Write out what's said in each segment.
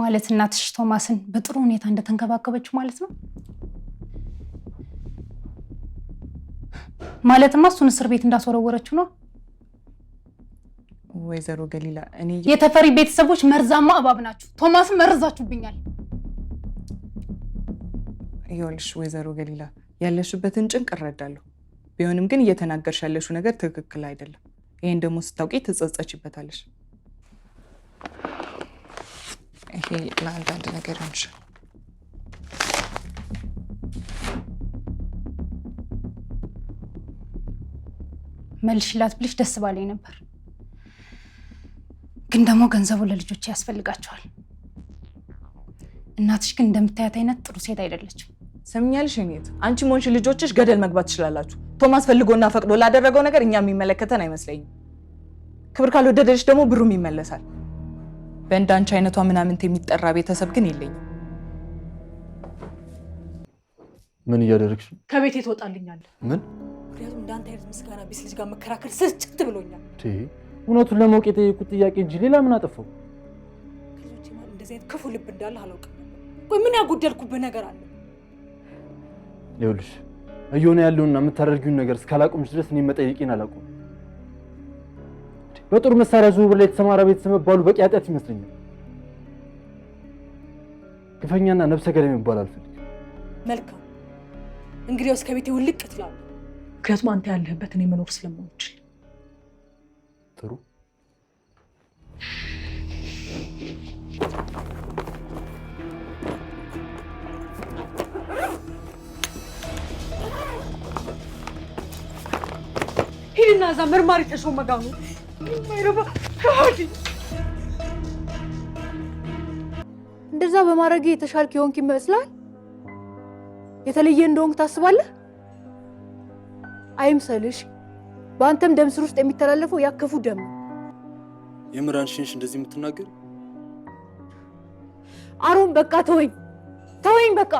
ማለት እናትሽ ቶማስን በጥሩ ሁኔታ እንደተንከባከበችው ማለት ነው። ማለትማ እሱን እስር ቤት እንዳስወረወረችው ነው። ወይዘሮ ገሊላ እኔ የተፈሪ ቤተሰቦች መርዛማ እባብ ናችሁ። ቶማስን መርዛችሁብኛል። ይኸውልሽ ወይዘሮ ገሊላ ያለሽበትን ጭንቅ እረዳለሁ። ቢሆንም ግን እየተናገርሽ ያለሽው ነገር ትክክል አይደለም። ይህን ደግሞ ስታውቂ ትጸጸችበታለሽ። ይሄ ለአንዳንድ ነገር ይሆንሻል። መልሽላት ብልሽ ደስ ባለኝ ነበር፣ ግን ደግሞ ገንዘቡ ለልጆች ያስፈልጋቸዋል። እናትሽ ግን እንደምታያት አይነት ጥሩ ሴት አይደለችም። ሰምኛልሽ እኔት አንቺ ሆንሽ ልጆችሽ ገደል መግባት ትችላላችሁ። ቶማስ ፈልጎና ፈቅዶ ላደረገው ነገር እኛ የሚመለከተን አይመስለኝም። ክብር ካልወደደልሽ ደግሞ ብሩም ይመለሳል። በእንዳንቺ አይነቷ ምናምንት የሚጠራ ቤተሰብ ግን የለኝም። ምን እያደረግሽ? ከቤት ትወጣልኛለህ። ምን? ምክንያቱም እንዳንተ አይነት ምስጋና ቢስ ልጅ ጋር መከራከል ስልችት ብሎኛል። እውነቱን ለማወቅ የጠየቁት ጥያቄ እንጂ ሌላ ምን አጠፋው? ከልጆች እንደዚህ አይነት ክፉ ልብ እንዳለ አላውቅም። ቆይ ምን ያጎደልኩብህ ነገር አለ? ይኸውልሽ እየሆነ ያለውና የምታደርጊውን ነገር እስካላቆምሽ ድረስ እኔ መጠየቄን አላቁም። በጦር መሳሪያ ዝውውር ላይ የተሰማራ ቤተሰብ መባሉ በቂ ኃጢአት ይመስለኛል። ግፈኛና ነብሰ ገዳይ መባል አልፈልግም። መልካም እንግዲያው እስከ ቤቴ ውልቅ ትላለህ። ምክንያቱም አንተ ያለህበት እኔ መኖር ስለማልችል። ጥሩ ሂድና እዛ መርማሪ ተሾመ ጋር ነው እንደዛ በማድረግ የተሻልክ የሆንክ ይመስላል። የተለየ እንደሆንክ ታስባለህ። አይምሰልሽ። በአንተም ደም ስር ውስጥ የሚተላለፈው ያከፉ ደም ነው። እንደዚህ የምትናገር? አሮን በቃ ተወኝ፣ ተወኝ፣ በቃ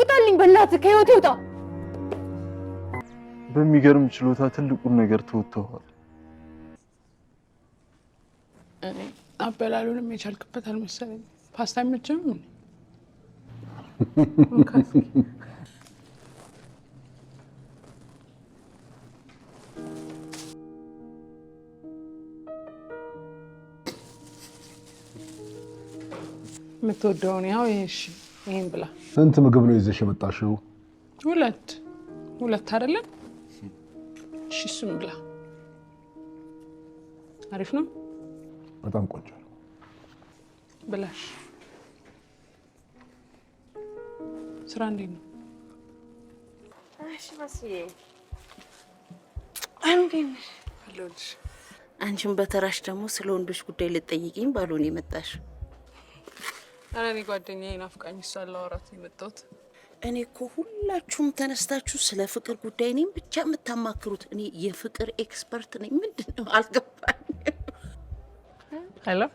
ውጣልኝ፣ በላት ከህይወት ይውጣ። በሚገርም ችሎታ ትልቁን ነገር ተወጥተዋል። አበላሉን የሚቻልክበት አልመሰለኝ። ፓስታ አይመችም። የምትወደውን ያው ይሄ ይህን ብላ። ስንት ምግብ ነው ይዘሽ የመጣሽው? ሁለት ሁለት አይደለም? እሺ እሱን ብላ። አሪፍ ነው። በጣም ቆንጆ ብላሽ። ስራ እንዴት ነው? እሺ መስዬ እንዴት አንቺም በተራሽ ደግሞ ስለ ወንዶች ጉዳይ ልጠይቅኝ ባልሆን የመጣሽ? ኧረ እኔ ጓደኛዬ ናፍቃኝ እሷን ላወራት የመጣሁት። እኔ እኮ ሁላችሁም ተነስታችሁ ስለ ፍቅር ጉዳይ እኔም ብቻ የምታማክሩት፣ እኔ የፍቅር ኤክስፐርት ነኝ። ምንድን ነው አልገባኝ Hallo.